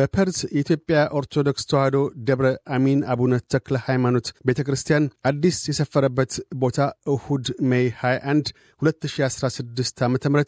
በፐርዝ የኢትዮጵያ ኦርቶዶክስ ተዋህዶ ደብረ አሚን አቡነ ተክለ ሃይማኖት ቤተ ክርስቲያን አዲስ የሰፈረበት ቦታ እሁድ ሜይ 21 2016 ዓ ም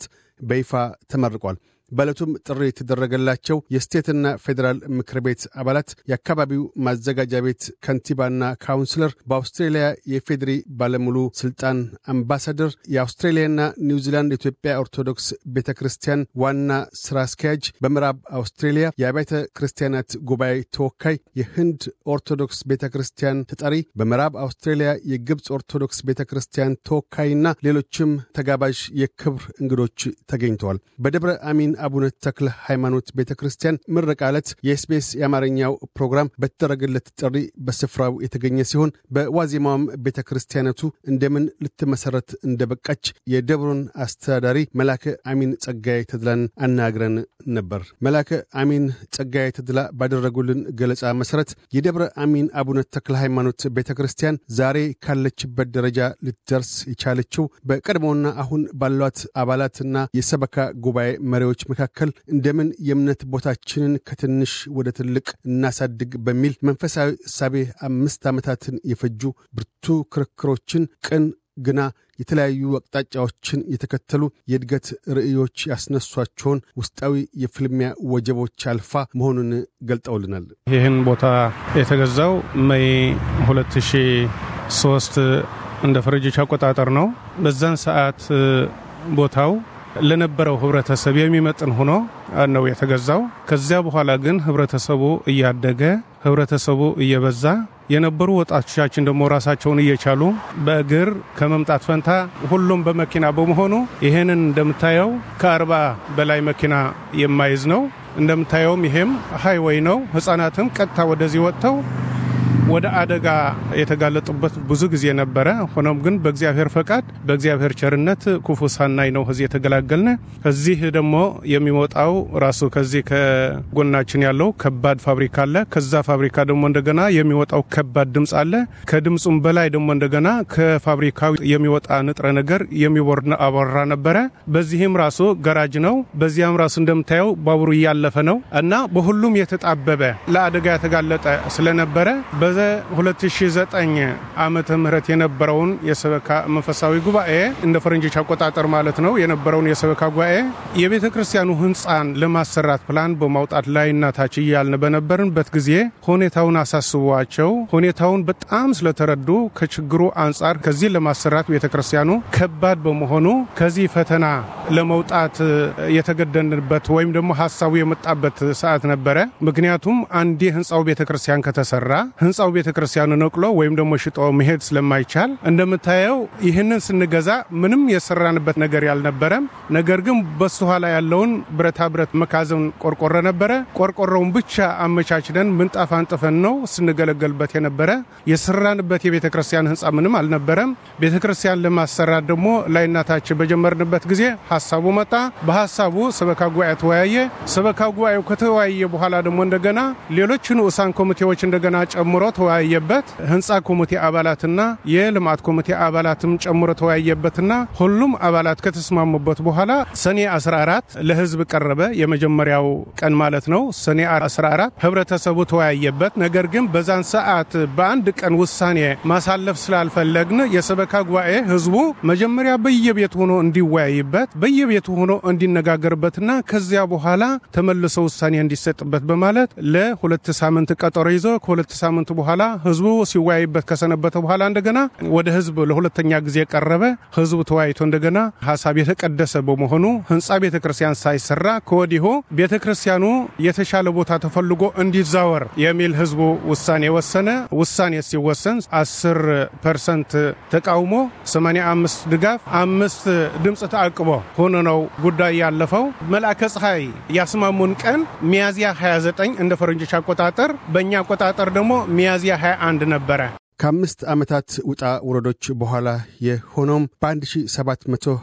በይፋ ተመርቋል። በዕለቱም ጥሪ የተደረገላቸው የስቴትና ፌዴራል ምክር ቤት አባላት፣ የአካባቢው ማዘጋጃ ቤት ከንቲባና ካውንስለር፣ በአውስትሬልያ የፌዴሪ ባለሙሉ ስልጣን አምባሳደር፣ የአውስትሬልያና ኒውዚላንድ ኢትዮጵያ ኦርቶዶክስ ቤተ ክርስቲያን ዋና ስራ አስኪያጅ፣ በምዕራብ አውስትሬልያ የአብያተ ክርስቲያናት ጉባኤ ተወካይ፣ የህንድ ኦርቶዶክስ ቤተ ክርስቲያን ተጠሪ፣ በምዕራብ አውስትሬልያ የግብፅ ኦርቶዶክስ ቤተ ክርስቲያን ተወካይና ሌሎችም ተጋባዥ የክብር እንግዶች ተገኝተዋል። በደብረ አሚን አቡነ ተክለ ሃይማኖት ቤተ ክርስቲያን ምረቃ ዕለት የኤስቤስ የአማርኛው ፕሮግራም በተደረገለት ጥሪ በስፍራው የተገኘ ሲሆን በዋዜማውም ቤተ ክርስቲያነቱ እንደምን ልትመሰረት እንደበቃች የደብሮን አስተዳዳሪ መላከ አሚን ጸጋይ ተድላን አናግረን ነበር። መላከ አሚን ጸጋይ ተድላ ባደረጉልን ገለጻ መሰረት የደብረ አሚን አቡነ ተክለ ሃይማኖት ቤተ ክርስቲያን ዛሬ ካለችበት ደረጃ ልትደርስ የቻለችው በቀድሞና አሁን ባሏት አባላትና የሰበካ ጉባኤ መሪዎች መካከል እንደምን የእምነት ቦታችንን ከትንሽ ወደ ትልቅ እናሳድግ በሚል መንፈሳዊ እሳቤ አምስት ዓመታትን የፈጁ ብርቱ ክርክሮችን ቅን ግና የተለያዩ አቅጣጫዎችን የተከተሉ የእድገት ርእዮች ያስነሷቸውን ውስጣዊ የፍልሚያ ወጀቦች አልፋ መሆኑን ገልጠውልናል። ይህን ቦታ የተገዛው መይ 203 እንደ ፈረንጆች አቆጣጠር ነው። በዛን ሰዓት ቦታው ለነበረው ህብረተሰብ የሚመጥን ሆኖ ነው የተገዛው። ከዚያ በኋላ ግን ህብረተሰቡ እያደገ ህብረተሰቡ እየበዛ የነበሩ ወጣቶቻችን ደግሞ ራሳቸውን እየቻሉ በእግር ከመምጣት ፈንታ ሁሉም በመኪና በመሆኑ ይህንን እንደምታየው ከአርባ በላይ መኪና የማይዝ ነው። እንደምታየውም ይሄም ሃይወይ ነው። ህጻናትም ቀጥታ ወደዚህ ወጥተው ወደ አደጋ የተጋለጡበት ብዙ ጊዜ ነበረ። ሆኖም ግን በእግዚአብሔር ፈቃድ፣ በእግዚአብሔር ቸርነት ክፉ ሳናይ ነው ከዚህ የተገላገልነ። ከዚህ ደግሞ የሚወጣው ራሱ ከዚህ ከጎናችን ያለው ከባድ ፋብሪካ አለ። ከዛ ፋብሪካ ደግሞ እንደገና የሚወጣው ከባድ ድምፅ አለ። ከድምፁም በላይ ደግሞ እንደገና ከፋብሪካው የሚወጣ ንጥረ ነገር የሚወር አቧራ ነበረ። በዚህም ራሱ ገራጅ ነው። በዚያም ራሱ እንደምታየው ባቡሩ እያለፈ ነው እና በሁሉም የተጣበበ ለአደጋ የተጋለጠ ስለነበረ 2009 ዓመተ ምህረት የነበረውን የሰበካ መንፈሳዊ ጉባኤ እንደ ፈረንጆች አቆጣጠር ማለት ነው የነበረውን የሰበካ ጉባኤ የቤተ ክርስቲያኑ ህንፃን ለማሰራት ፕላን በማውጣት ላይ እናታች እያልን በነበርንበት ጊዜ ሁኔታውን አሳስቧቸው ሁኔታውን በጣም ስለተረዱ ከችግሩ አንጻር ከዚህ ለማሰራት ቤተ ክርስቲያኑ ከባድ በመሆኑ ከዚህ ፈተና ለመውጣት የተገደንበት ወይም ደግሞ ሀሳቡ የመጣበት ሰዓት ነበረ። ምክንያቱም አንዴ ህንፃው ቤተ ክርስቲያን ከተሰራ ህንፃ ህንፃው ቤተክርስቲያንን ነቅሎ ወይም ደግሞ ሽጦ መሄድ ስለማይቻል እንደምታየው ይህንን ስንገዛ ምንም የሰራንበት ነገር ያልነበረም፣ ነገር ግን በስተኋላ ያለውን ብረታ ብረት መካዘን ቆርቆሮ ነበረ። ቆርቆሮውን ብቻ አመቻችለን ምንጣፍ አንጥፈን ነው ስንገለገልበት የነበረ። የሰራንበት የቤተክርስቲያን ህንፃ ምንም አልነበረም። ቤተክርስቲያን ለማሰራት ደግሞ ላይናታች በጀመርንበት ጊዜ ሀሳቡ መጣ። በሀሳቡ ሰበካ ጉባኤ ተወያየ። ሰበካ ጉባኤው ከተወያየ በኋላ ደግሞ እንደገና ሌሎች ንዑሳን ኮሚቴዎች እንደገና ጨምሮ ተወያየበት። ህንፃ ኮሚቴ አባላትና የልማት ኮሚቴ አባላትም ጨምሮ ተወያየበትና ሁሉም አባላት ከተስማሙበት በኋላ ሰኔ 14 ለህዝብ ቀረበ። የመጀመሪያው ቀን ማለት ነው። ሰኔ 14 ህብረተሰቡ ተወያየበት። ነገር ግን በዛን ሰዓት በአንድ ቀን ውሳኔ ማሳለፍ ስላልፈለግን የሰበካ ጉባኤ ህዝቡ መጀመሪያ በየቤት ሆኖ እንዲወያይበት በየቤቱ ሆኖ እንዲነጋገርበትና ከዚያ በኋላ ተመልሶ ውሳኔ እንዲሰጥበት በማለት ለሁለት ሳምንት ቀጠሮ ይዞ ከሁለት ሳምንት በኋላ ህዝቡ ሲወያይበት ከሰነበተ በኋላ እንደገና ወደ ህዝብ ለሁለተኛ ጊዜ ቀረበ። ህዝቡ ተወያይቶ እንደገና ሀሳብ የተቀደሰ በመሆኑ ህንፃ ቤተ ክርስቲያን ሳይሰራ ከወዲሁ ቤተ ክርስቲያኑ የተሻለ ቦታ ተፈልጎ እንዲዛወር የሚል ህዝቡ ውሳኔ ወሰነ። ውሳኔ ሲወሰን 10 ፐርሰንት ተቃውሞ 85 ድጋፍ አምስት ድምፅ ተአቅቦ ሆኖ ነው ጉዳይ ያለፈው። መልአከ ፀሐይ ያስማሙን ቀን ሚያዝያ 29 እንደ ፈረንጆች አቆጣጠር፣ በእኛ አቆጣጠር ደግሞ ሚያ ሚያዝያ 21 ነበረ። ከአምስት ዓመታት ውጣ ውረዶች በኋላ የሆነውም በ1720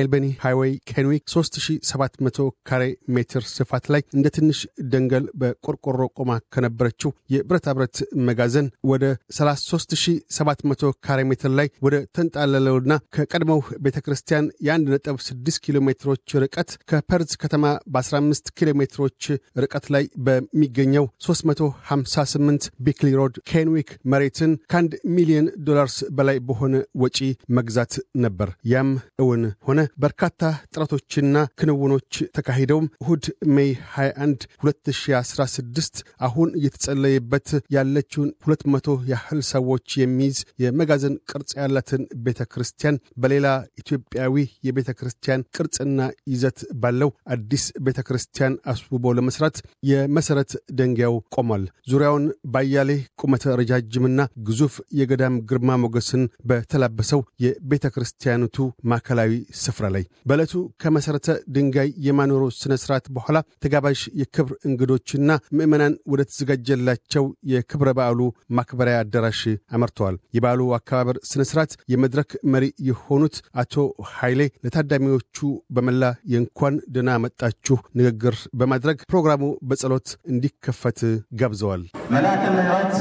ኤልበኒ ሃይዌይ ኬንዊክ 3700 ካሬ ሜትር ስፋት ላይ እንደ ትንሽ ደንገል በቆርቆሮ ቆማ ከነበረችው የብረታ ብረት መጋዘን ወደ 33700 ካሬ ሜትር ላይ ወደ ተንጣለለውና ከቀድሞው ቤተ ክርስቲያን የ1.6 ኪሎ ሜትሮች ርቀት ከፐርዝ ከተማ በ15 ኪሎ ሜትሮች ርቀት ላይ በሚገኘው 358 ቢክሊ ሮድ ኬንዊክ መሬትን ከ ከአንድ ሚሊዮን ዶላርስ በላይ በሆነ ወጪ መግዛት ነበር። ያም እውን ሆነ። በርካታ ጥረቶችና ክንውኖች ተካሂደውም እሁድ ሜይ 21 2016 አሁን እየተጸለየበት ያለችውን 200 ያህል ሰዎች የሚይዝ የመጋዘን ቅርጽ ያላትን ቤተ ክርስቲያን በሌላ ኢትዮጵያዊ የቤተ ክርስቲያን ቅርጽና ይዘት ባለው አዲስ ቤተ ክርስቲያን አስውቦ ለመስራት የመሰረት ደንጊያው ቆሟል። ዙሪያውን ባያሌ ቁመተ ረጃጅምና ግዙፍ ጽሑፍ የገዳም ግርማ ሞገስን በተላበሰው የቤተ ክርስቲያንቱ ማዕከላዊ ስፍራ ላይ በዕለቱ ከመሠረተ ድንጋይ የማኖሮ ሥነ ሥርዓት በኋላ ተጋባዥ የክብር እንግዶችና ምዕመናን ወደ ተዘጋጀላቸው የክብረ በዓሉ ማክበሪያ አዳራሽ አመርተዋል። የበዓሉ አከባበር ሥነ ሥርዓት የመድረክ መሪ የሆኑት አቶ ኃይሌ ለታዳሚዎቹ በመላ የእንኳን ደህና መጣችሁ ንግግር በማድረግ ፕሮግራሙ በጸሎት እንዲከፈት ገብዘዋል። መላከ ምሕረት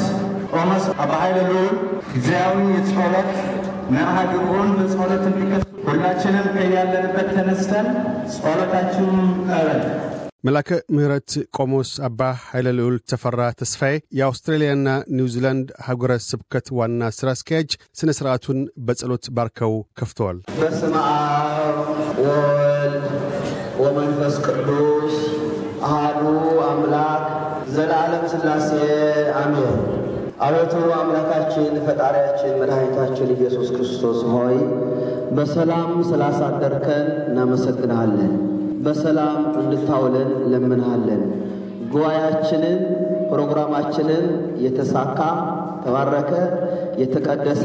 ሊቀጳጳስ አባ ኃይለ ልዑል ጊዜያዊ የጸሎት መርሃ ግብሩን በጸሎት እንዲቀስ ሁላችንም ከያለንበት ተነስተን ጸሎታችሁን ቀበል መላከ ምህረት ቆሞስ አባ ኃይለ ልዑል ተፈራ ተስፋዬ የአውስትራሊያና ኒውዚላንድ ሀገረ ስብከት ዋና ሥራ አስኪያጅ ሥነ ሥርዓቱን በጸሎት ባርከው ከፍተዋል። በስመ አብ ወወልድ ወመንፈስ ቅዱስ አሃዱ አምላክ ዘለዓለም ሥላሴ አሜን። አቤቱ አምላካችን ፈጣሪያችን መድኃኒታችን ኢየሱስ ክርስቶስ ሆይ በሰላም ስላሳደርከን እናመሰግንሃለን። በሰላም እንድታውለን ለምንሃለን። ጉባኤያችንን ፕሮግራማችንን የተሳካ ተባረከ የተቀደሰ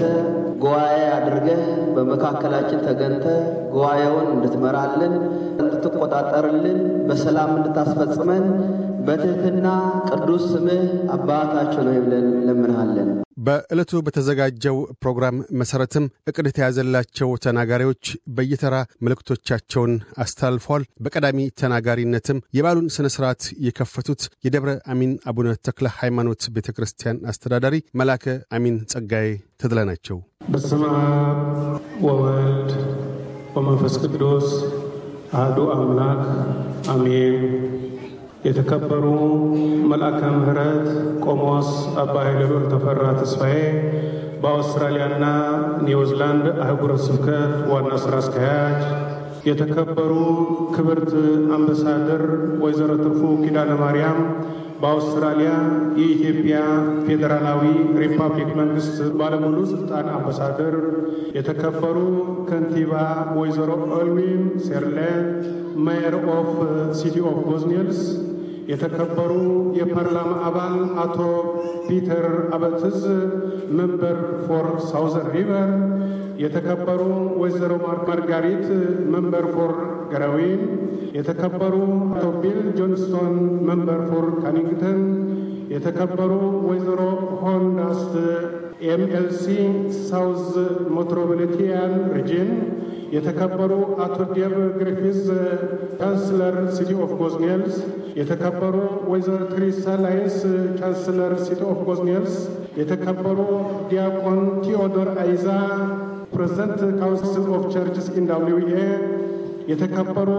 ጉባኤ አድርገህ በመካከላችን ተገንተ ጉባኤውን እንድትመራልን፣ እንድትቆጣጠርልን፣ በሰላም እንድታስፈጽመን በትህትና ቅዱስ ስምህ አባታቸው ነው ብለን እንለምንሃለን። በዕለቱ በተዘጋጀው ፕሮግራም መሠረትም እቅድ የተያዘላቸው ተናጋሪዎች በየተራ መልእክቶቻቸውን አስተላልፈዋል። በቀዳሚ ተናጋሪነትም የበዓሉን ሥነ ሥርዓት የከፈቱት የደብረ አሚን አቡነ ተክለ ሃይማኖት ቤተ ክርስቲያን አስተዳዳሪ መላከ አሚን ጸጋዬ ተድላ ናቸው። በስመ አብ ወወልድ ወመንፈስ ቅዱስ አሐዱ አምላክ አሜን። የተከበሩ መልአከ ምሕረት ቆሞስ አባ ኃይለብር ተፈራ ተስፋዬ በአውስትራሊያና ኒውዚላንድ አህጉረ ስብከት ዋና ሥራ አስኪያጅ፣ የተከበሩ ክብርት አምባሳደር ወይዘሮ ትርፉ ኪዳነ ማርያም በአውስትራሊያ የኢትዮጵያ ፌዴራላዊ ሪፐብሊክ መንግስት ባለሙሉ ስልጣን አምባሳደር የተከበሩ ከንቲባ ወይዘሮ ኦልዊን ሴርሌ ሜየር ኦፍ ሲቲ ኦፍ ቦዝኒልስ፣ የተከበሩ የፓርላማ አባል አቶ ፒተር አበትዝ መንበር ፎር ሳውዘን ሪቨር፣ የተከበሩ ወይዘሮ ማርጋሪት መንበር ፎር ገረዊን፣ የተከበሩ አቶ ቢል ጆንስቶን መንበር ፎር ካኒንግተን፣ የተከበሩ ወይዘሮ ሆንዳስት ኤምኤልሲ ሳውዝ ሜትሮፖሊቲያን ሪጅን፣ የተከበሩ አቶ ዴቭ ግሪፊዝ ቻንስለር ሲቲ ኦፍ ጎዝኔልስ፣ የተከበሩ ወይዘሮ ትሪሳ ላይንስ ቻንስለር ሲቲ ኦፍ ጎዝኔልስ፣ የተከበሩ ዲያቆን ቲኦዶር አይዛ ፕሬዚደንት ካውንስል ኦፍ ቸርችስ ኢን ኤ የተከበሩ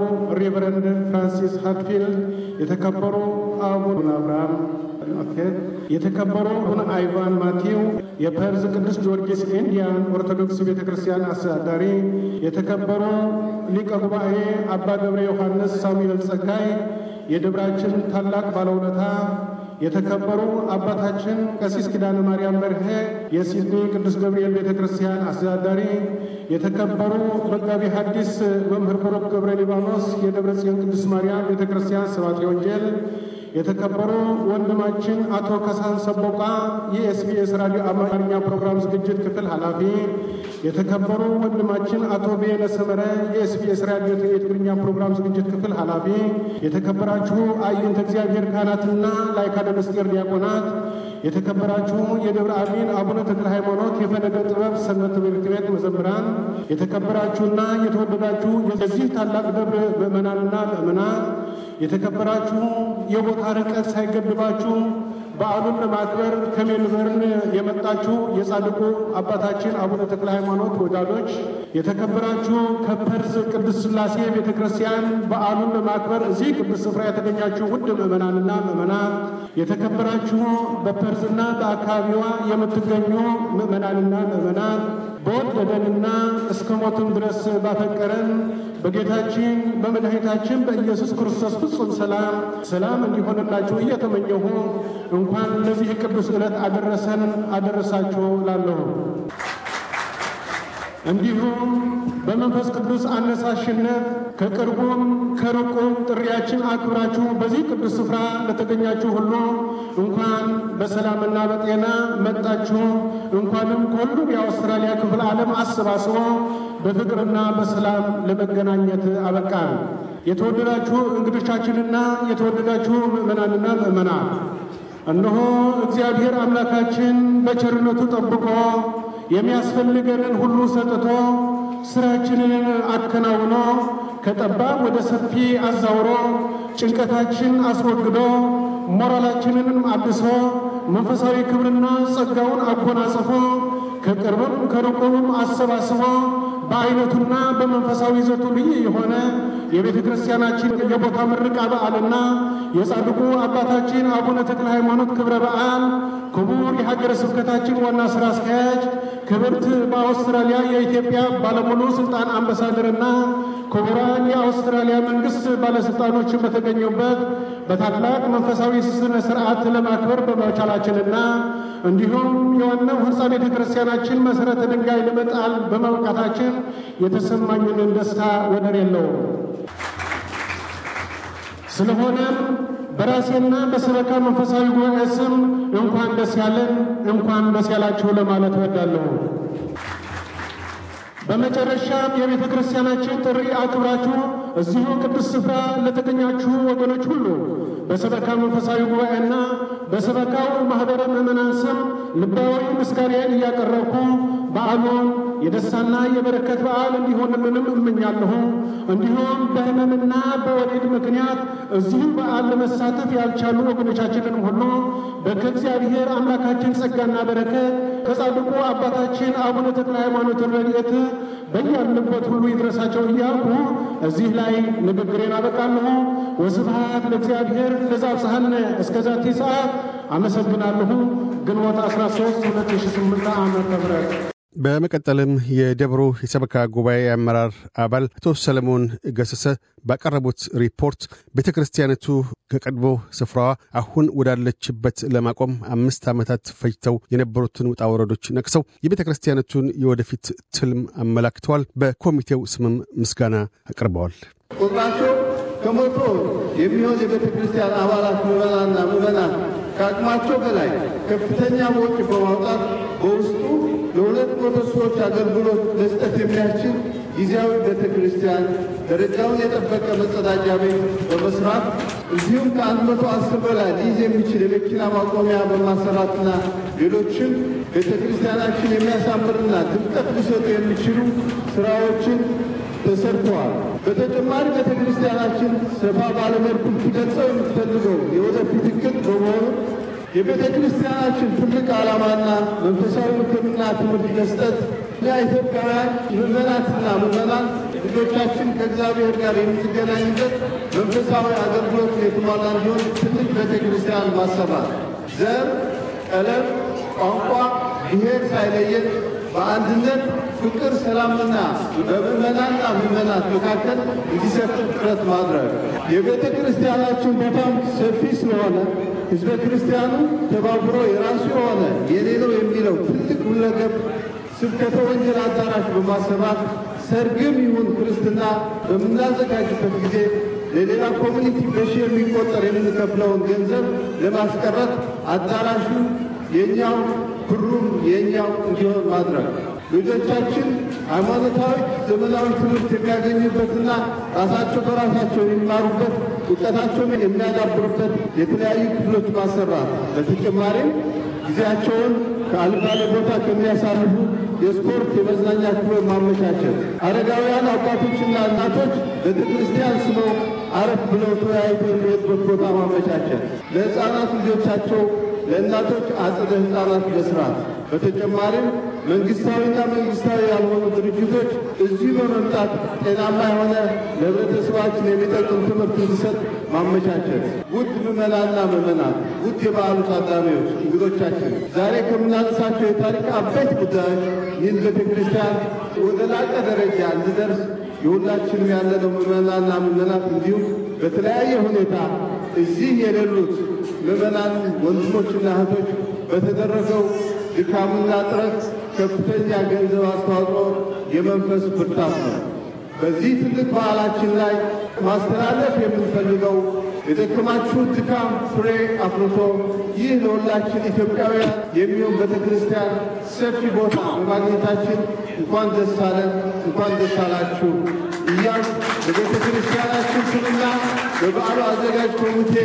ሬቨረንድ ፍራንሲስ ሃትፊልድ፣ የተከበሩ አቡነ አብርሃም የተከበሩ አቡነ አይቫን ማቲው፣ የፐርዝ ቅዱስ ጊዮርጊስ ኢንዲያን ኦርቶዶክስ ቤተ ክርስቲያን አስተዳዳሪ፣ የተከበሩ ሊቀ ጉባኤ አባ ገብረ ዮሐንስ ሳሙኤል ጸጋይ፣ የደብራችን ታላቅ ባለውለታ የተከበሩ አባታችን ቀሲስ ኪዳነ ማርያም በርሄ የሲድኒ ቅዱስ ገብርኤል ቤተ ክርስቲያን አስተዳዳሪ፣ የተከበሩ መጋቢ ሐዲስ መምህር በሮክ ገብረ ሊባኖስ የደብረ ጽዮን ቅዱስ ማርያም ቤተ ክርስቲያን ሰባቴ ወንጌል የተከበሩ ወንድማችን አቶ ከሳን ሰቦቃ የኤስቢኤስ ራዲዮ አማርኛ ፕሮግራም ዝግጅት ክፍል ኃላፊ፣ የተከበሩ ወንድማችን አቶ ቤነ ሰመረ የኤስቢኤስ ራዲዮ የትግርኛ ፕሮግራም ዝግጅት ክፍል ኃላፊ፣ የተከበራችሁ አይንተ እግዚአብሔር ካህናትና ላይካደ ምስጢር ዲያቆናት፣ የተከበራችሁ የደብረ አሚን አቡነ ተክለ ሃይማኖት የፈለገ ጥበብ ሰንበት ትምህርት ቤት መዘምራን፣ የተከበራችሁና የተወደዳችሁ የዚህ ታላቅ ደብር ምእመናንና ምእመናት የተከበራችሁ የቦታ ርቀት ሳይገድባችሁ በዓሉን ለማክበር ከሜልበርን የመጣችሁ የጻድቁ አባታችን አቡነ ተክለ ሃይማኖት ወዳጆች፣ የተከበራችሁ ከፐርዝ ቅዱስ ስላሴ ቤተ ክርስቲያን በዓሉን ለማክበር እዚህ ቅዱስ ስፍራ የተገኛችሁ ውድ ምዕመናንና ምዕመናት፣ የተከበራችሁ በፐርዝና በአካባቢዋ የምትገኙ ምዕመናንና ምዕመናት በወደደንና እስከ ሞትም ድረስ ባፈቀረን በጌታችን በመድኃኒታችን በኢየሱስ ክርስቶስ ፍጹም ሰላም ሰላም እንዲሆንላችሁ እየተመኘሁ እንኳን ለዚህ ቅዱስ ዕለት አደረሰን አደረሳችሁ ላለሁ። እንዲሁም በመንፈስ ቅዱስ አነሳሽነት ከቅርቡም ከርቁም ጥሪያችን አክብራችሁ በዚህ ቅዱስ ስፍራ ለተገኛችሁ ሁሉ እንኳን በሰላምና በጤና መጣችሁ። እንኳንም ከሁሉም የአውስትራሊያ ክፍል ዓለም አሰባስቦ በፍቅርና በሰላም ለመገናኘት አበቃል። የተወደዳችሁ እንግዶቻችንና የተወደዳችሁ ምዕመናንና ምዕመናን እነሆ እግዚአብሔር አምላካችን በቸርነቱ ጠብቆ የሚያስፈልገንን ሁሉ ሰጥቶ ስራችንን አከናውኖ ከጠባብ ወደ ሰፊ አዛውሮ ጭንቀታችን አስወግዶ ሞራላችንንም አድሶ መንፈሳዊ ክብርና ጸጋውን አጎናጽፎ ከቅርብም ከርቁም አሰባስቦ በአይነቱና በመንፈሳዊ ይዘቱ ልዩ የሆነ የቤተ ክርስቲያናችን የቦታ ምርቃ በዓልና የጻድቁ አባታችን አቡነ ተክለ ሃይማኖት ክብረ በዓል ክቡር የሀገረ ስብከታችን ዋና ሥራ አስኪያጅ ክብርት በአውስትራሊያ የኢትዮጵያ ባለሙሉ ሥልጣን አምባሳደርና ክቡራን የአውስትራሊያ መንግስት ባለሥልጣኖችን በተገኙበት በታላቅ መንፈሳዊ ስነ ስርዓት ለማክበር በመቻላችንና እንዲሁም የዋናው ህንፃ ቤተ ክርስቲያናችን መሠረተ ድንጋይ ለመጣል በማውቃታችን የተሰማኝንን ደስታ ወደር የለውም። ስለሆነም በራሴና በሰበካ መንፈሳዊ ጉባኤ ስም እንኳን ደስ ያለን፣ እንኳን ደስ ያላችሁ ለማለት እወዳለሁ። በመጨረሻም የቤተ ክርስቲያናችን ጥሪ አክብራችሁ እዚሁ ቅዱስ ስፍራ ለተገኛችሁ ወገኖች ሁሉ በሰበካ መንፈሳዊ ጉባኤና በሰበካው ማኅበረ ምዕመናን ስም ልባዊ ምስጋናዬን እያቀረብኩ በዓሉን የደስታና የበረከት በዓል እንዲሆንልንም እመኛለሁ። እንዲሁም በህመምና በወሊድ ምክንያት እዚሁ በዓል ለመሳተፍ ያልቻሉ ወገኖቻችንን ሁሉ በከእግዚአብሔር አምላካችን ጸጋና በረከት ከጻድቁ አባታችን አቡነ ተክለ ሃይማኖት ረድኤት በያሉበት ሁሉ ይድረሳቸው እያልኩ እዚህ ላይ ንግግሬን አበቃለሁ። ወስብሐት ለእግዚአብሔር ለዛብፀሐነ እስከ ሰዓት። አመሰግናለሁ። ግንቦት 13 2008 ዓ.ም በመቀጠልም የደብሩ የሰበካ ጉባኤ አመራር አባል አቶ ሰለሞን ገሰሰ ባቀረቡት ሪፖርት ቤተ ክርስቲያነቱ ከቀድሞ ስፍራዋ አሁን ወዳለችበት ለማቆም አምስት ዓመታት ፈጅተው የነበሩትን ውጣ ወረዶች ነቅሰው የቤተ ክርስቲያነቱን የወደፊት ትልም አመላክተዋል። በኮሚቴው ስምም ምስጋና አቅርበዋል። ከመቶ የሚሆን የቤተ ክርስቲያን አባላት ምዕመናና ምዕመናት ከአቅማቸው በላይ ከፍተኛ ወጪ በማውጣት በውስጡ ለተመሶዎች አገልግሎት መስጠት የሚያስችል ጊዜያዊ ቤተ ክርስቲያን ደረጃውን የጠበቀ መጸዳጃ ቤት በመስራት እዚሁም ከአንድ መቶ አስር በላይ ሊይዝ የሚችል የመኪና ማቆሚያ በማሰራትና ሌሎችም ቤተ ክርስቲያናችን የሚያሳምርና ድምቀት ሊሰጡ የሚችሉ ስራዎችን ተሰርተዋል። በተጨማሪ ቤተ ክርስቲያናችን ሰፋ ባለመልኩ ሊገልጸው የምትፈልገው የወደፊት እቅድ በመሆኑ የቤተ ክርስቲያናችን ትልቅ ዓላማና መንፈሳዊ ሕክምና ትምህርት መስጠት ለኢትዮጵያውያን ምዕመናትና ምዕመናን ልጆቻችን ከእግዚአብሔር ጋር የምትገናኙበት መንፈሳዊ አገልግሎት የተሟላ እንዲሆን ትልቅ ቤተ ክርስቲያን ማሰራት፣ ዘር፣ ቀለም፣ ቋንቋ፣ ብሔር ሳይለየን በአንድነት ፍቅር፣ ሰላምና በምዕመናንና ምዕመናት መካከል እንዲሰፍር ጥረት ማድረግ የቤተ ክርስቲያናችን ቦታም ሰፊ ስለሆነ ህዝበ ክርስቲያኑ ተባብሮ የራሱ የሆነ የሌለው የሚለው ትልቅ ሁለገብ ስብከተ ወንጌል አዳራሽ በማሰራት ሰርግም ይሁን ክርስትና በምናዘጋጅበት ጊዜ ለሌላ ኮሚኒቲ በሺ የሚቆጠር የምንከፍለውን ገንዘብ ለማስቀረት አዳራሹ የኛው ብሩም የኛው እንዲሆን ማድረግ ልጆቻችን ሃይማኖታዊ፣ ዘመናዊ ትምህርት የሚያገኙበትና ራሳቸው በራሳቸው የሚማሩበት እውቀታቸውን የሚያዳብሩበት የተለያዩ ክፍሎች ማሰራት፣ በተጨማሪም ጊዜያቸውን ከአልባሌ ቦታ ከሚያሳልፉ የስፖርት የመዝናኛ ክፍሎች ማመቻቸት፣ አረጋውያን አባቶችና እናቶች ቤተክርስቲያን ስመው አረፍ ብለው ተወያይቶ የሚሄዱበት ቦታ ማመቻቸት፣ ለሕፃናት ልጆቻቸው ለእናቶች አጽደ ሕፃናት መስራት በተጨማሪም መንግስታዊና መንግስታዊ ያልሆኑ ድርጅቶች እዚህ በመምጣት ጤናማ የሆነ ለህብረተሰባችን የሚጠቅም ትምህርት እንዲሰጥ ማመቻቸት። ውድ ምዕመናንና ምዕመናት፣ ውድ የበዓሉ ታዳሚዎች፣ እንግዶቻችን ዛሬ ከምናነሳቸው የታሪክ አበይት ጉዳዮች ይህን ቤተ ክርስቲያን ወደ ላቀ ደረጃ እንድደርስ የሁላችንም ያለነው ምዕመናንና ምዕመናት እንዲሁም በተለያየ ሁኔታ እዚህ የሌሉት ምዕመናን ወንድሞችና እህቶች በተደረገው ድካምና ጥረት ከፍተኛ ገንዘብ አስተዋጽኦ የመንፈስ ብርታት ነው። በዚህ ትልቅ በዓላችን ላይ ማስተላለፍ የምንፈልገው የደከማችሁት ድካም ፍሬ አፍርቶ ይህ ለሁላችን ኢትዮጵያውያን የሚሆን ቤተ ክርስቲያን ሰፊ ቦታ በማግኘታችን እንኳን ደስ አለን፣ እንኳን ደስ አላችሁ። እኛም በቤተ ክርስቲያናችን ስምና በበዓሉ አዘጋጅ ኮሚቴ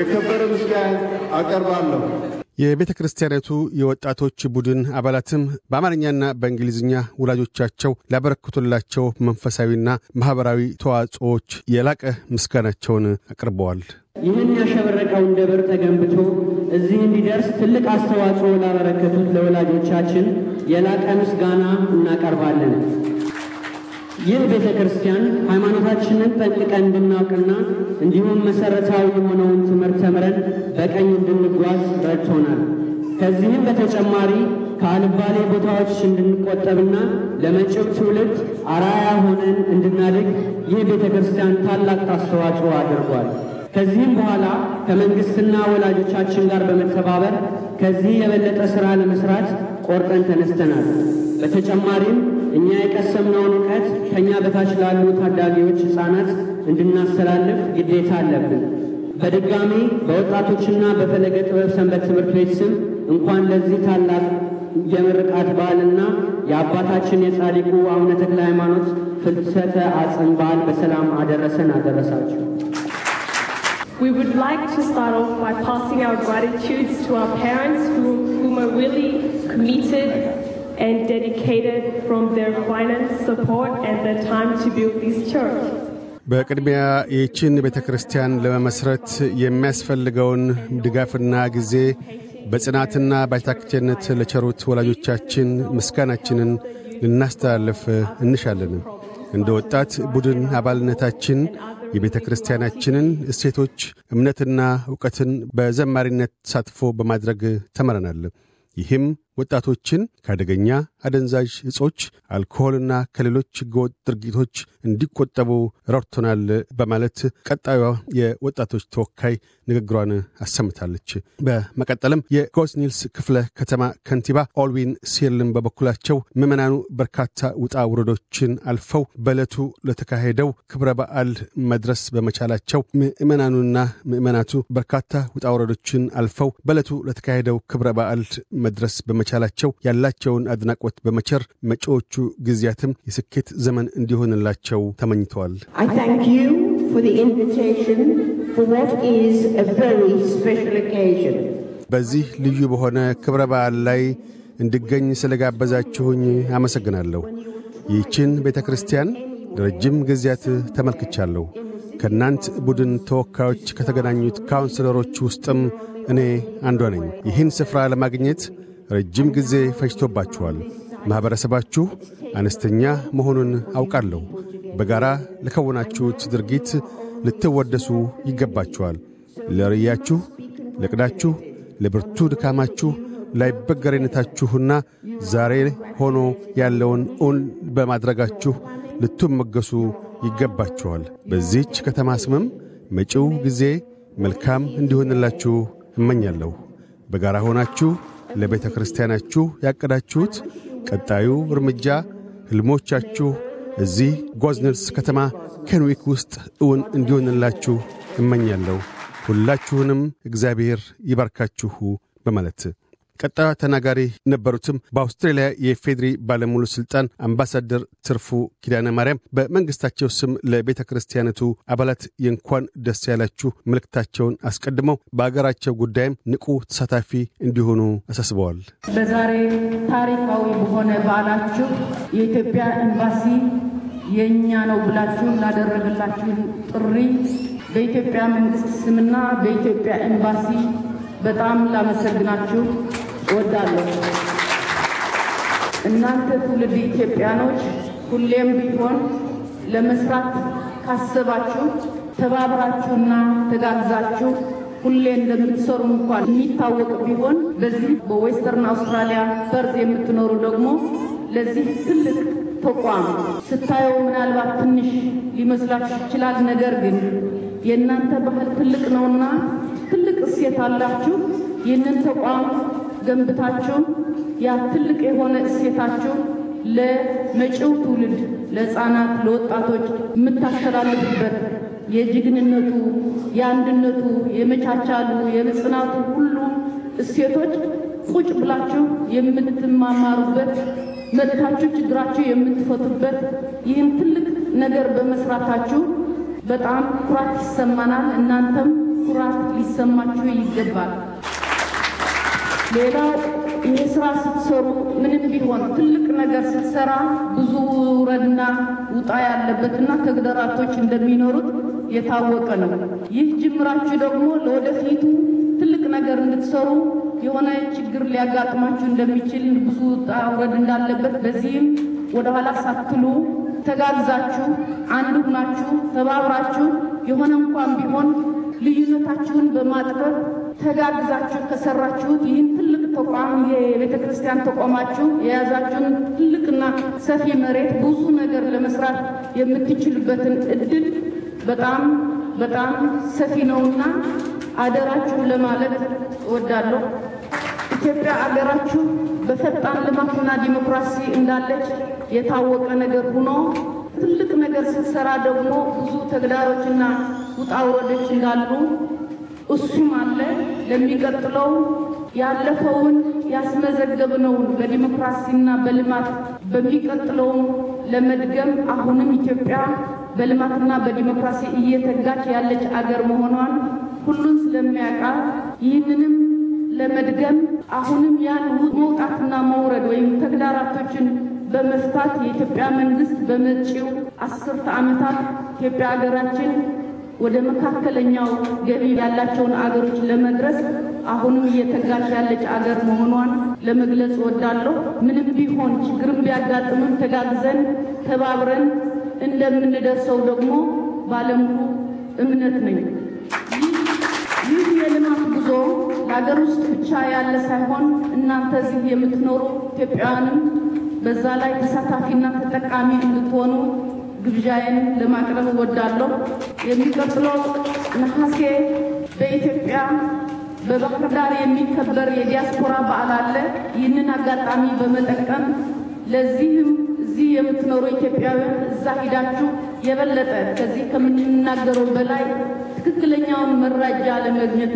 የከበረ ምስጋና አቀርባለሁ። የቤተ ክርስቲያኒቱ የወጣቶች ቡድን አባላትም በአማርኛና በእንግሊዝኛ ወላጆቻቸው ላበረክቱላቸው መንፈሳዊና ማኅበራዊ ተዋጽኦዎች የላቀ ምስጋናቸውን አቅርበዋል። ይህን ያሸበረቀውን ደብር ተገንብቶ እዚህ እንዲደርስ ትልቅ አስተዋጽኦ ላበረከቱት ለወላጆቻችን የላቀ ምስጋና እናቀርባለን። ይህ ቤተ ክርስቲያን ሃይማኖታችንን ጠንቅቀን እንድናውቅና እንዲሁም መሠረታዊ የሆነውን ትምህርት ተምረን በቀኝ እንድንጓዝ ረድቶናል። ከዚህም በተጨማሪ ከአልባሌ ቦታዎች እንድንቆጠብና ለመጪው ትውልድ አራያ ሆነን እንድናድግ ይህ ቤተ ክርስቲያን ታላቅ አስተዋጽኦ አድርጓል። ከዚህም በኋላ ከመንግሥትና ወላጆቻችን ጋር በመተባበር ከዚህ የበለጠ ሥራ ለመሥራት ቆርጠን ተነስተናል። በተጨማሪም እኛ የቀሰምነውን እውቀት ከእኛ በታች ላሉ ታዳጊዎች ሕፃናት እንድናስተላልፍ ግዴታ አለብን። በድጋሚ በወጣቶችና በፈለገ ጥበብ ሰንበት ትምህርት ቤት ስም እንኳን ለዚህ ታላቅ የምርቃት በዓልና የአባታችን የጻድቁ አቡነ ተክለ ሃይማኖት ፍልሰተ አጽም በዓል በሰላም አደረሰን አደረሳችሁ። We would like to start off by passing our gratitudes to our parents who, whom are really committed and dedicated from their finance support and their time to build this church. በቅድሚያ ይህችን ቤተ ክርስቲያን ለመመስረት የሚያስፈልገውን ድጋፍና ጊዜ በጽናትና ባይታክቴነት ለቸሩት ወላጆቻችን ምስጋናችንን ልናስተላልፍ እንሻለን። እንደ ወጣት ቡድን አባልነታችን የቤተ ክርስቲያናችንን እሴቶች፣ እምነትና ዕውቀትን በዘማሪነት ተሳትፎ በማድረግ ተምረናል። ይህም ወጣቶችን ከአደገኛ አደንዛዥ እጾች፣ አልኮሆልና ከሌሎች ህገወጥ ድርጊቶች እንዲቆጠቡ ረድቶናል በማለት ቀጣዩ የወጣቶች ተወካይ ንግግሯን አሰምታለች። በመቀጠልም የጎዝኒልስ ክፍለ ከተማ ከንቲባ ኦልዊን ሴልን በበኩላቸው ምዕመናኑ በርካታ ውጣ ውረዶችን አልፈው በዕለቱ ለተካሄደው ክብረ በዓል መድረስ በመቻላቸው ምዕመናኑና ምዕመናቱ በርካታ ውጣ ውረዶችን አልፈው በዕለቱ ለተካሄደው ክብረ በዓል መድረስ በመ በመቻላቸው ያላቸውን አድናቆት በመቸር መጪዎቹ ጊዜያትም የስኬት ዘመን እንዲሆንላቸው ተመኝተዋል። በዚህ ልዩ በሆነ ክብረ በዓል ላይ እንድገኝ ስለጋበዛችሁኝ አመሰግናለሁ። ይህችን ቤተ ክርስቲያን ለረጅም ጊዜያት ተመልክቻለሁ። ከእናንት ቡድን ተወካዮች ከተገናኙት ካውንስለሮች ውስጥም እኔ አንዷ ነኝ። ይህን ስፍራ ለማግኘት ረጅም ጊዜ ፈጅቶባችኋል። ማኅበረሰባችሁ አነስተኛ መሆኑን አውቃለሁ። በጋራ ለከወናችሁት ድርጊት ልትወደሱ ይገባችኋል። ለርያችሁ፣ ለቅዳችሁ፣ ለብርቱ ድካማችሁ፣ ላይበገሬነታችሁና ዛሬ ሆኖ ያለውን እውን በማድረጋችሁ ልትመገሱ ይገባችኋል። በዚህች ከተማ ስምም መጪው ጊዜ መልካም እንዲሆንላችሁ እመኛለሁ። በጋራ ሆናችሁ ለቤተ ክርስቲያናችሁ ያቀዳችሁት ቀጣዩ እርምጃ ሕልሞቻችሁ እዚህ ጓዝነርስ ከተማ ከንዊክ ውስጥ እውን እንዲሆንላችሁ እመኛለሁ። ሁላችሁንም እግዚአብሔር ይባርካችሁ በማለት ቀጣዩ ተናጋሪ ነበሩትም በአውስትሬልያ የፌድሪ ባለሙሉ ስልጣን አምባሳደር ትርፉ ኪዳነ ማርያም በመንግስታቸው ስም ለቤተ ክርስቲያነቱ አባላት የእንኳን ደስ ያላችሁ መልእክታቸውን አስቀድመው በአገራቸው ጉዳይም ንቁ ተሳታፊ እንዲሆኑ አሳስበዋል። በዛሬ ታሪካዊ በሆነ በዓላችሁ የኢትዮጵያ ኤምባሲ የእኛ ነው ብላችሁ ላደረገላችሁ ጥሪ በኢትዮጵያ መንግስት ስምና በኢትዮጵያ ኤምባሲ በጣም ላመሰግናችሁ እወዳለሁ። እናንተ ትውልድ ኢትዮጵያኖች ሁሌም ቢሆን ለመስራት ካሰባችሁ ተባብራችሁና ተጋግዛችሁ ሁሌ እንደምትሰሩ እንኳን የሚታወቅ ቢሆን በዚህ በዌስተርን አውስትራሊያ ፈርዝ የምትኖሩ ደግሞ ለዚህ ትልቅ ተቋም ስታየው ምናልባት ትንሽ ሊመስላችሁ ይችላል። ነገር ግን የእናንተ ባህል ትልቅ ነውና ትልቅ እሴት አላችሁ። ይህንን ተቋም ገንብታችሁ ያ ትልቅ የሆነ እሴታችሁ ለመጪው ትውልድ ለሕፃናት፣ ለወጣቶች የምታስተላልፉበት የጀግንነቱ፣ የአንድነቱ፣ የመቻቻሉ፣ የመጽናቱ ሁሉ እሴቶች ቁጭ ብላችሁ የምትማማሩበት መጥታችሁ ችግራችሁ የምትፈቱበት ይህን ትልቅ ነገር በመስራታችሁ በጣም ኩራት ይሰማናል። እናንተም ኩራት ሊሰማችሁ ይገባል። ሌላው ይህ ስራ ስትሰሩ ምንም ቢሆን ትልቅ ነገር ስትሰራ ብዙ ውረድና ውጣ ያለበትና ተግዳሮቶች እንደሚኖሩት የታወቀ ነው። ይህ ጅምራችሁ ደግሞ ለወደፊቱ ትልቅ ነገር እንድትሰሩ የሆነ ችግር ሊያጋጥማችሁ እንደሚችል ብዙ ውጣ ውረድ እንዳለበት፣ በዚህም ወደኋላ ሳትሉ ተጋግዛችሁ አንዱ ናችሁ ተባብራችሁ የሆነ እንኳን ቢሆን ልዩነታችሁን በማጥበብ ተጋግዛችሁ ከሰራችሁት ይህን ትልቅ ተቋም የቤተ ክርስቲያን ተቋማችሁ የያዛችሁን ትልቅና ሰፊ መሬት ብዙ ነገር ለመስራት የምትችሉበትን እድል በጣም በጣም ሰፊ ነውና አደራችሁ ለማለት እወዳለሁ። ኢትዮጵያ አገራችሁ በፈጣን ልማትና ዲሞክራሲ እንዳለች የታወቀ ነገር ሆኖ ትልቅ ነገር ስትሰራ ደግሞ ብዙ ተግዳሮችና ውጣ ውረዶች እንዳሉ እሱም አለ። ለሚቀጥለው ያለፈውን ያስመዘገብነውን በዲሞክራሲና በልማት በሚቀጥለውም ለመድገም አሁንም ኢትዮጵያ በልማትና በዲሞክራሲ እየተጋች ያለች አገር መሆኗን ሁሉን ስለሚያውቃት ይህንንም ለመድገም አሁንም ያን መውጣትና መውረድ ወይም ተግዳራቶችን በመፍታት የኢትዮጵያ መንግስት በመጪው አስርተ ዓመታት ኢትዮጵያ ሀገራችን ወደ መካከለኛው ገቢ ያላቸውን አገሮች ለመድረስ አሁንም እየተጋች ያለች አገር መሆኗን ለመግለጽ እወዳለሁ። ምንም ቢሆን ችግርም ቢያጋጥምም ተጋግዘን ተባብረን እንደምንደርሰው ደግሞ ባለሙሉ እምነት ነኝ። ይህ የልማት ጉዞ ለሀገር ውስጥ ብቻ ያለ ሳይሆን እናንተ እዚህ የምትኖሩ ኢትዮጵያውያንም በዛ ላይ ተሳታፊና ተጠቃሚ እንድትሆኑ ግብዣዬን ለማቅረብ እወዳለሁ። የሚቀጥለው ነሐሴ በኢትዮጵያ በባህር ዳር የሚከበር የዲያስፖራ በዓል አለ። ይህንን አጋጣሚ በመጠቀም ለዚህም እዚህ የምትኖሩ ኢትዮጵያውያን እዛ ሂዳችሁ የበለጠ ከዚህ ከምንናገረው በላይ ትክክለኛውን መረጃ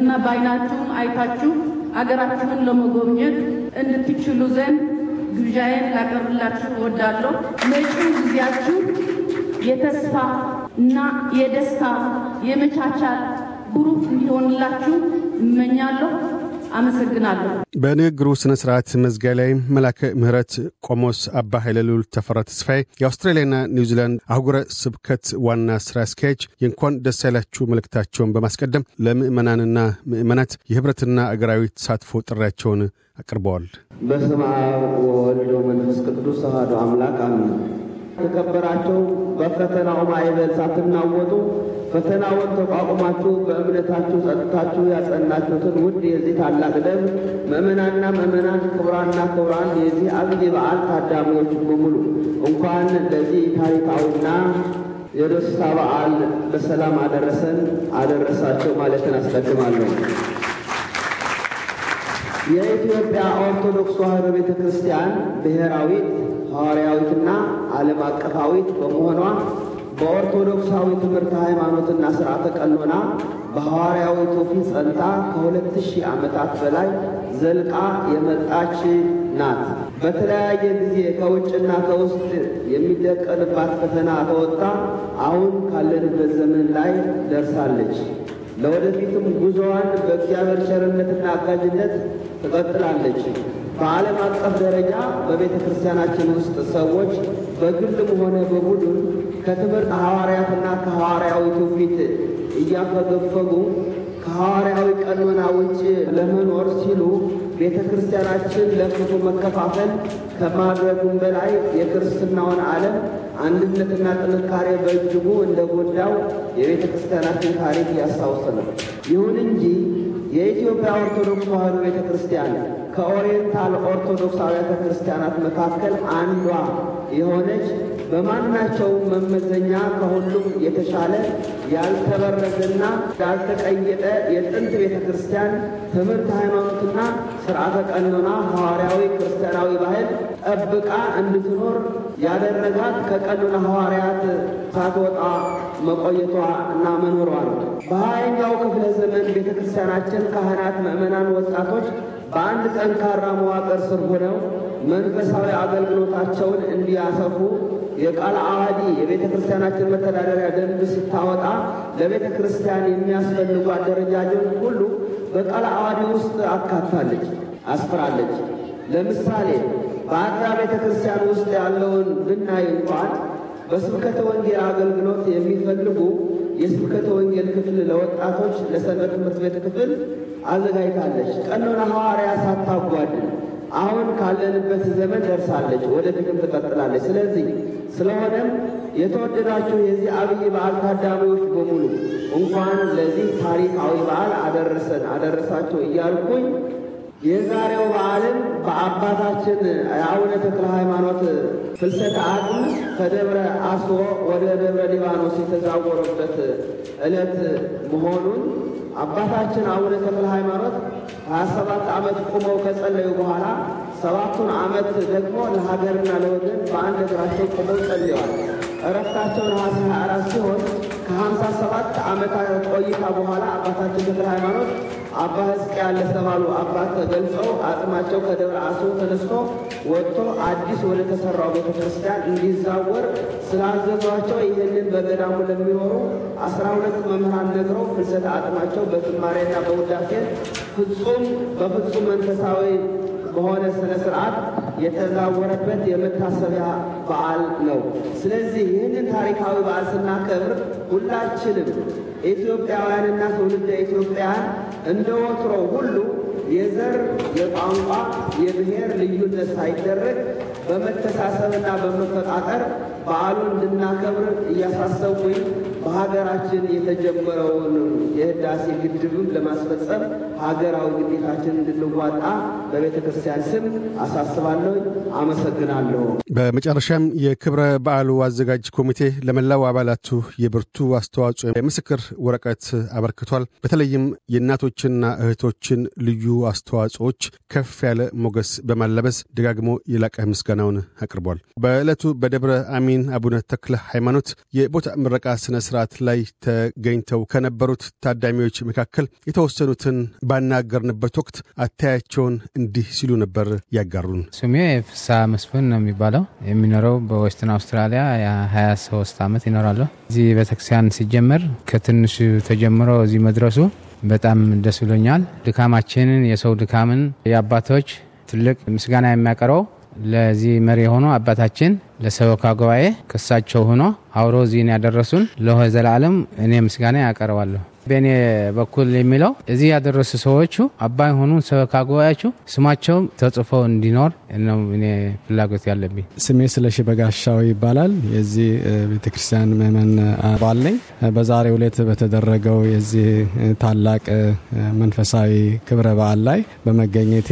እና በአይናችሁም አይታችሁ አገራችሁን ለመጎብኘት እንድትችሉ ዘንድ ግብዣዬን ላቀርብላችሁ እወዳለሁ። መጪው ጊዜያችሁ የተስፋ እና የደስታ የመቻቻል ብሩህ እንዲሆንላችሁ እመኛለሁ። አመሰግናለሁ። በንግግሩ ስነ ስርዓት መዝጊያ ላይ መላከ ምህረት ቆሞስ አባ ኃይለሉል ተፈራ ተስፋዬ የአውስትራሊያና ኒውዚላንድ አህጉረ ስብከት ዋና ስራ አስኪያጅ የእንኳን ደስ ያላችሁ መልእክታቸውን በማስቀደም ለምእመናንና ምእመናት የህብረትና አገራዊ ተሳትፎ ጥሪያቸውን አቅርበዋል። በስመ አብ ወወልድ ወመንፈስ ቅዱስ አሐዱ አምላክ አሜን። ከከበራቸው በፈተናው ማዕበል ሳትናወጡ ፈተናውን ተቋቁማችሁ በእምነታችሁ ጸጥታችሁ ያጸናችሁትን ውድ የዚህ ታላቅ ደም ምእመናና ምእመናን ክቡራና ክቡራን የዚህ አብይ በዓል ታዳሚዎች በሙሉ እንኳን ለዚህ ታሪካዊና የደስታ በዓል በሰላም አደረሰን አደረሳቸው ማለትን አስቀድማለሁ። የኢትዮጵያ ኦርቶዶክስ ተዋሕዶ ቤተ ክርስቲያን ብሔራዊት ሐዋርያዊትና ዓለም አቀፋዊት በመሆኗ በኦርቶዶክሳዊ ትምህርት ሃይማኖትና ሥርዓተ ቀኖና በሐዋርያዊ ትውፊት ጸንታ ከሁለት ሺህ ዓመታት በላይ ዘልቃ የመጣች ናት። በተለያየ ጊዜ ከውጭና ከውስጥ የሚደቀንባት ፈተና ተወጥታ አሁን ካለንበት ዘመን ላይ ደርሳለች። ለወደፊትም ጉዞዋን በእግዚአብሔር ቸርነትና አጋዥነት ትቀጥላለች። በዓለም አቀፍ ደረጃ በቤተ ክርስቲያናችን ውስጥ ሰዎች በግልም ሆነ በቡድን ከትምህርት ሐዋርያትና ከሐዋርያዊ ትውፊት እያፈገፈጉ ከሐዋርያዊ ቀኖና ውጭ ለመኖር ሲሉ ቤተ ክርስቲያናችን ለክፉ መከፋፈል ከማድረጉም በላይ የክርስትናውን ዓለም አንድነትና ጥንካሬ በእጅጉ እንደ ጎዳው የቤተ ክርስቲያናችን ታሪክ ነው። ይሁን እንጂ የኢትዮጵያ ኦርቶዶክስ ተዋሕዶ ቤተ ክርስቲያን ከኦሪየንታል ኦርቶዶክስ አብያተ ክርስቲያናት መካከል አንዷ የሆነች በማናቸውም መመዘኛ ከሁሉም የተሻለ ያልተበረዘና ያልተቀየጠ የጥንት ቤተ ክርስቲያን ትምህርት፣ ሃይማኖትና ስርዓተ ቀኖና ሐዋርያዊ ክርስቲያናዊ ባህል ጠብቃ እንድትኖር ያደረጋት ከቀኖና ሐዋርያት ሳትወጣ መቆየቷ እና መኖሯ ነው። በሀያኛው ክፍለ ዘመን ቤተ ክርስቲያናችን ካህናት፣ ምዕመናን፣ ወጣቶች በአንድ ጠንካራ መዋቅር ስር ሆነው መንፈሳዊ አገልግሎታቸውን እንዲያሰፉ የቃል አዋዲ የቤተ ክርስቲያናችን መተዳደሪያ ደንብ ስታወጣ ለቤተ ክርስቲያን የሚያስፈልጉ አደረጃጀት ሁሉ በቃል አዋዲ ውስጥ አካታለች፣ አስፍራለች። ለምሳሌ በአጥራ ቤተ ክርስቲያን ውስጥ ያለውን ብናይ እንኳን በስብከተ ወንጌል አገልግሎት የሚፈልጉ የስብከተ ወንጌል ክፍል ለወጣቶች ለሰንበት ትምህርት ቤት ክፍል አዘጋጅታለች። ቀኖና ሐዋርያ ሳታጓድል አሁን ካለንበት ዘመን ደርሳለች፣ ወደፊትም ትቀጥላለች። ስለዚህ ስለሆነም የተወደዳችሁ የዚህ አብይ በዓል ታዳሚዎች በሙሉ እንኳን ለዚህ ታሪካዊ በዓል አደረሰን አደረሳቸው እያልኩኝ የዛሬው በዓልም በአባታችን አቡነ ተክለ ሃይማኖት ፍልሰተ አጽም ከደብረ አስቦ ወደ ደብረ ሊባኖስ የተዛወሩበት ዕለት መሆኑን አባታችን አቡነ ተክለ ሃይማኖት 27 ዓመት ቁመው ከጸለዩ በኋላ ሰባቱን ዓመት ደግሞ ለሀገርና ለወገን በአንድ እግራቸው ቆመው ጸልየዋል። እረፍታቸው ነሐሴ 24 ሲሆን ከ ሰባት ዓመታት ቆይታ በኋላ አባታችን ተክለ ሃይማኖት አባ ሕዝቅኤል ለተባሉ አባት ተገልጸው አጽማቸው ከደብረ አሶ ተነስቶ ወጥቶ አዲስ ወደ ተሠራው ቤተ ክርስቲያን እንዲዛወር ስላዘዟቸው ይህንን በገዳሙ ለሚኖሩ አስራ ሁለት መምህራን ነግረው ፍልሰተ አጽማቸው በዝማሬና በውዳሴ ፍጹም በፍጹም መንፈሳዊ በሆነ ስነ ስርዓት የተዛወረበት የመታሰቢያ በዓል ነው። ስለዚህ ይህንን ታሪካዊ በዓል ስናከብር ሁላችንም ኢትዮጵያውያንና ትውልደ ኢትዮጵያውያን እንደ ወትሮ ሁሉ የዘር፣ የቋንቋ፣ የብሔር ልዩነት ሳይደረግ በመተሳሰብና በመፈጣጠር በዓሉን እንድናከብር እያሳሰብኩኝ በሀገራችን የተጀመረውን የህዳሴ ግድብም ለማስፈጸም ሀገራዊ ግዴታችን እንድንዋጣ በቤተ ክርስቲያን ስም አሳስባለሁ። አመሰግናለሁ። በመጨረሻም የክብረ በዓሉ አዘጋጅ ኮሚቴ ለመላው አባላቱ የብርቱ አስተዋጽኦ የምስክር ወረቀት አበርክቷል። በተለይም የእናቶችና እህቶችን ልዩ አስተዋጽኦች ከፍ ያለ ሞገስ በማለበስ ደጋግሞ የላቀ ምስጋናውን አቅርቧል። በዕለቱ በደብረ አሚን አቡነ ተክለ ሃይማኖት የቦታ ምረቃ ስነ ስርዓት ላይ ተገኝተው ከነበሩት ታዳሚዎች መካከል የተወሰኑትን ባናገርንበት ወቅት አታያቸውን እንዲህ ሲሉ ነበር ያጋሩን። ስሜ ፍስሐ መስፍን ነው የሚባለው። የሚኖረው በዌስትን አውስትራሊያ የ23 ዓመት ይኖራለሁ። እዚህ ቤተክርስቲያን ሲጀመር ከትንሹ ተጀምሮ እዚህ መድረሱ በጣም ደስ ብሎኛል። ድካማችንን የሰው ድካምን የአባቶች ትልቅ ምስጋና የሚያቀርበው ለዚህ መሪ የሆኑ አባታችን ለሰበካ ጉባኤ ክሳቸው ሆኖ አውሮ ዚህን ያደረሱን ለሆ ዘላለም እኔ ምስጋና ያቀርባለሁ። በእኔ በኩል የሚለው እዚህ ያደረሱ ሰዎቹ አባ ሆኑ ሰበካ ጉባኤያችሁ ስማቸው ተጽፎ እንዲኖር ነው እኔ ፍላጎት ያለብኝ። ስሜ ስለሺ በጋሻው ይባላል። የዚህ ቤተክርስቲያን ምእመን አባል ነኝ። በዛሬው ዕለት በተደረገው የዚህ ታላቅ መንፈሳዊ ክብረ በዓል ላይ በመገኘቴ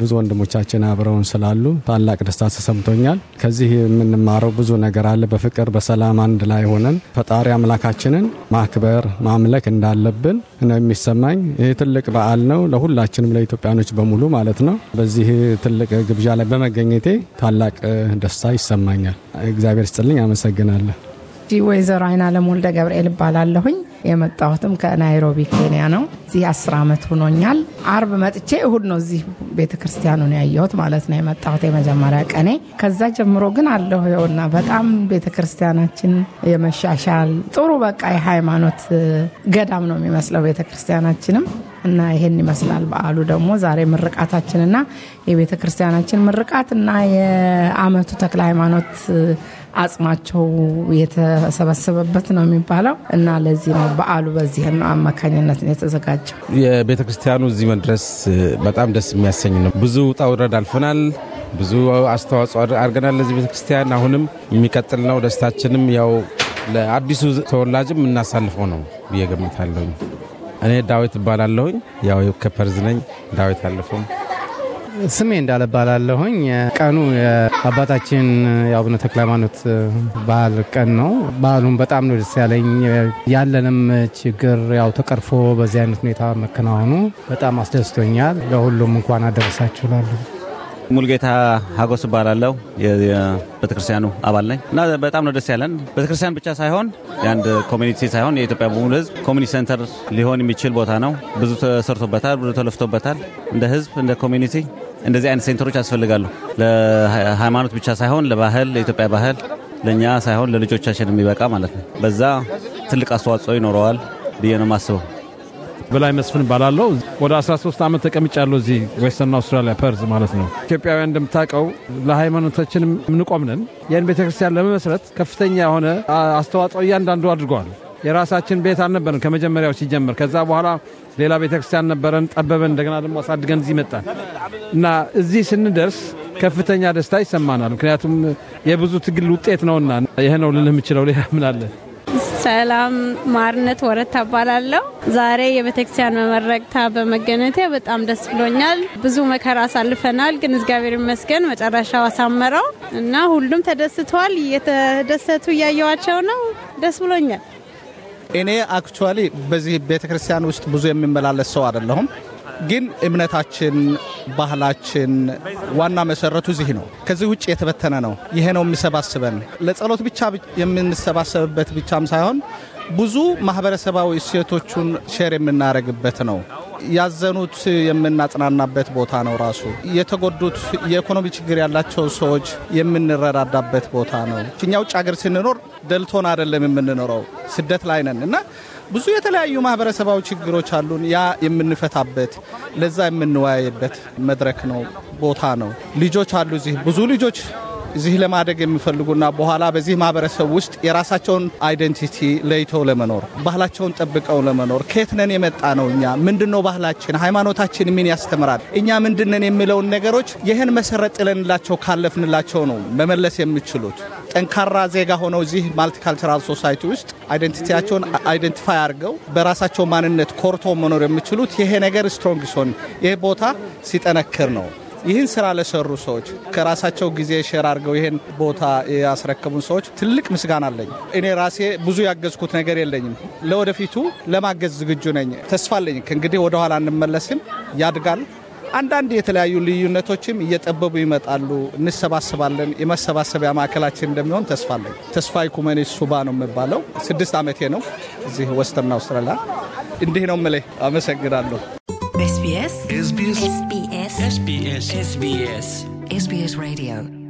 ብዙ ወንድሞቻችን አብረውን ስላሉ ታላቅ ደስታ ተሰምቶኛል። ከዚህ የምንማረው ብዙ ነገር አለ። በፍቅር በሰላም አንድ ላይ ሆነን ፈጣሪ አምላካችንን ማክበር ማምለክ እንዳለብን ነው የሚሰማኝ። ይህ ትልቅ በዓል ነው ለሁላችንም ለኢትዮጵያኖች በሙሉ ማለት ነው። በዚህ ትልቅ ግብዣ ላይ በመገኘቴ ታላቅ ደስታ ይሰማኛል። እግዚአብሔር ስጥልኝ። አመሰግናለሁ። ወይዘሮ አይና ለሞልደ ወልደ ገብርኤል እባላለሁኝ። የመጣሁትም ከናይሮቢ ኬንያ ነው። እዚህ አስር ዓመት ሆኖኛል። አርብ መጥቼ እሁድ ነው እዚህ ቤተ ክርስቲያኑን ያየሁት ማለት ነው የመጣሁት የመጀመሪያ ቀኔ። ከዛ ጀምሮ ግን አለሁ ይኸውና፣ በጣም ቤተ ክርስቲያናችን የመሻሻል ጥሩ በቃ የሃይማኖት ገዳም ነው የሚመስለው ቤተ ክርስቲያናችንም እና ይሄን ይመስላል። በዓሉ ደግሞ ዛሬ ምርቃታችንና የቤተ ክርስቲያናችን ምርቃት እና የአመቱ ተክለ ሃይማኖት አጽማቸው የተሰበሰበበት ነው የሚባለው እና ለዚህ ነው በዓሉ በዚህ ነው አማካኝነት ነው የተዘጋጀው። የቤተ ክርስቲያኑ እዚህ መድረስ በጣም ደስ የሚያሰኝ ነው። ብዙ ውጣ ውረድ አልፈናል። ብዙ አስተዋጽኦ አድርገናል ለዚህ ቤተ ክርስቲያን። አሁንም የሚቀጥል ነው። ደስታችንም ያው ለአዲሱ ተወላጅም እናሳልፈው ነው ብዬ ገምታለሁኝ። እኔ ዳዊት እባላለሁኝ። ያው ከፐርዝ ነኝ። ዳዊት አለፈው ስሜ እንዳለባላለሁኝ ቀኑ የአባታችን የአቡነ ተክለሃይማኖት በዓል ቀን ነው። በዓሉም በጣም ነው ደስ ያለኝ። ያለንም ችግር ያው ተቀርፎ በዚህ አይነት ሁኔታ መከናወኑ በጣም አስደስቶኛል። ለሁሉም እንኳን አደረሳችሁ ላሉ ሙልጌታ ሀጎስ እባላለሁ። የቤተክርስቲያኑ አባል ነኝ እና በጣም ነው ደስ ያለን። ቤተክርስቲያን ብቻ ሳይሆን የአንድ ኮሚኒቲ ሳይሆን የኢትዮጵያ ሙሉ ሕዝብ ኮሚኒቲ ሴንተር ሊሆን የሚችል ቦታ ነው። ብዙ ተሰርቶበታል፣ ብዙ ተለፍቶበታል። እንደ ሕዝብ እንደ ኮሚኒቲ እንደዚህ አይነት ሴንተሮች ያስፈልጋሉ። ለሃይማኖት ብቻ ሳይሆን ለባህል፣ ለኢትዮጵያ ባህል ለእኛ ሳይሆን ለልጆቻችን የሚበቃ ማለት ነው። በዛ ትልቅ አስተዋጽኦ ይኖረዋል ብዬ ነው የማስበው። በላይ መስፍን ባላለው ወደ 13 ዓመት ተቀምጭ ያለው እዚህ ዌስተርን አውስትራሊያ ፐርዝ ማለት ነው። ኢትዮጵያውያን እንደምታውቀው ለሃይማኖታችን የምንቆምንን ይህን ቤተክርስቲያን ለመመስረት ከፍተኛ የሆነ አስተዋጽኦ እያንዳንዱ አድርገዋል። የራሳችን ቤት አልነበረን ከመጀመሪያው ሲጀምር። ከዛ በኋላ ሌላ ቤተክርስቲያን ነበረን፣ ጠበበን። እንደገና ደግሞ አሳድገን እዚህ መጣን እና እዚህ ስንደርስ ከፍተኛ ደስታ ይሰማናል። ምክንያቱም የብዙ ትግል ውጤት ነውና ይህ ነው ልልህ የምችለው ሌላ ምናለ። ሰላም ማርነት ወረት እባላለሁ። ዛሬ የቤተክርስቲያን መመረቅታ በመገኘቴ በጣም ደስ ብሎኛል። ብዙ መከራ አሳልፈናል፣ ግን እግዚአብሔር ይመስገን መጨረሻው አሳመረው እና ሁሉም ተደስተዋል። እየተደሰቱ እያየዋቸው ነው። ደስ ብሎኛል። እኔ አክቹዋሊ በዚህ ቤተ ክርስቲያን ውስጥ ብዙ የሚመላለስ ሰው አይደለሁም። ግን እምነታችን፣ ባህላችን ዋና መሰረቱ እዚህ ነው። ከዚህ ውጭ የተበተነ ነው። ይሄ ነው የሚሰባስበን። ለጸሎት ብቻ የምንሰባሰብበት ብቻም ሳይሆን ብዙ ማህበረሰባዊ እሴቶቹን ሼር የምናደርግበት ነው። ያዘኑት የምናጽናናበት ቦታ ነው። ራሱ የተጎዱት የኢኮኖሚ ችግር ያላቸው ሰዎች የምንረዳዳበት ቦታ ነው። እኛ ውጭ ሀገር ስንኖር ደልቶን አይደለም የምንኖረው፣ ስደት ላይ ነን እና ብዙ የተለያዩ ማህበረሰባዊ ችግሮች አሉን። ያ የምንፈታበት ለዛ የምንወያይበት መድረክ ነው፣ ቦታ ነው። ልጆች አሉ እዚህ ብዙ ልጆች እዚህ ለማደግ የሚፈልጉና በኋላ በዚህ ማህበረሰብ ውስጥ የራሳቸውን አይደንቲቲ ለይተው ለመኖር ባህላቸውን ጠብቀው ለመኖር ከየት ነን የመጣ ነው እኛ ምንድን ነው ባህላችን፣ ሃይማኖታችን ምን ያስተምራል፣ እኛ ምንድነን የሚለውን ነገሮች ይህን መሰረት ጥለንላቸው ካለፍንላቸው ነው መመለስ የሚችሉት። ጠንካራ ዜጋ ሆነው እዚህ ማልቲካልቸራል ሶሳይቲ ውስጥ አይደንቲቲያቸውን አይደንቲፋይ አድርገው በራሳቸው ማንነት ኮርቶ መኖር የሚችሉት ይሄ ነገር ስትሮንግ ሲሆን ይህ ቦታ ሲጠነክር ነው። ይህን ስራ ለሰሩ ሰዎች ከራሳቸው ጊዜ ሼር አድርገው ይህን ቦታ ያስረከቡን ሰዎች ትልቅ ምስጋና አለኝ። እኔ ራሴ ብዙ ያገዝኩት ነገር የለኝም። ለወደፊቱ ለማገዝ ዝግጁ ነኝ። ተስፋ አለኝ። ከእንግዲህ ወደኋላ እንመለስም ያድጋል። አንዳንድ የተለያዩ ልዩነቶችም እየጠበቡ ይመጣሉ። እንሰባሰባለን። የመሰባሰቢያ ማዕከላችን እንደሚሆን ተስፋ አለኝ። ተስፋ ኩመኔ ሱባ ነው የምባለው። ስድስት ዓመቴ ነው እዚህ ወስተርን አውስትራሊያ። እንዲህ ነው የምልህ። አመሰግናለሁ። ኤስቢኤስ SBS SBS SBS Radio